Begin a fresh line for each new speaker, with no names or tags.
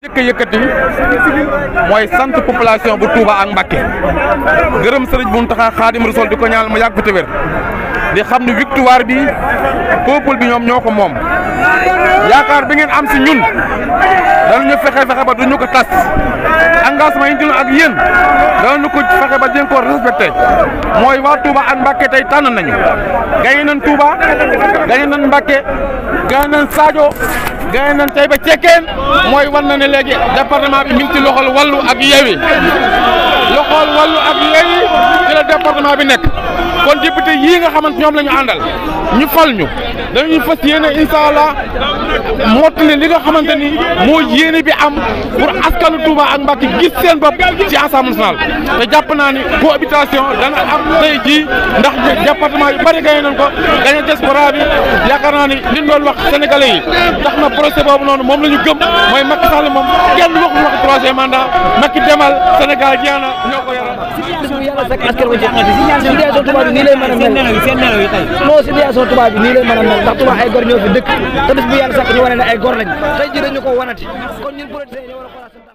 jëkk yëkkati mooy sant population bu Touba ak Mbacké gërëm sëriñ Mountakha Xaadim Rasuul di ko ñaanal mu yàgg fi te di xam ne victoire bi peuple bi ñoom ñoo ko moom yaakaar bi ngeen am si ñun danañu fexe fexe ba duñu ko tas engagement yi ñu jëloon ak yéen danañu ko fexe ba jéem koo respecté mooy waa Touba ak Mbacké tey tànn nañu gañe nañ Touba gañe gaay nañ tey ba cekkeen mooy wan na ne léegi département bi mi ngi ci loxol wàllu ak yewi gouvernement bi nekk kon député yii nga xamante ñoom la àndal ñu fal ñu dañuy fas yéene incha allah mottali li nga xamante ni moo yéene bi am pour askanu Touba ak Mbacke gis seen bopp ci assemblée nationale te jàpp naa ni cohabitation dana am tey jii ndax département yu bëri gañe nañ ko gañe diaspora bi yaakaar naa ni liñ doon wax sénégalais yi tax na procès boobu noonu moom la ñu gëm mooy Macky Sall moom kenn waxuñu wax troisième mandat Macky demal Sénégal jeex na
ñoo
yàlla fekk askan wi jeex situation tubaab bi nii lay mën a mel non situation tubaab bi nii lay mën a mel ndax tubaab ay gor ñoo dëkk te bis bu ñu wane ne ay gor lañ tey ji dañu ko
wanati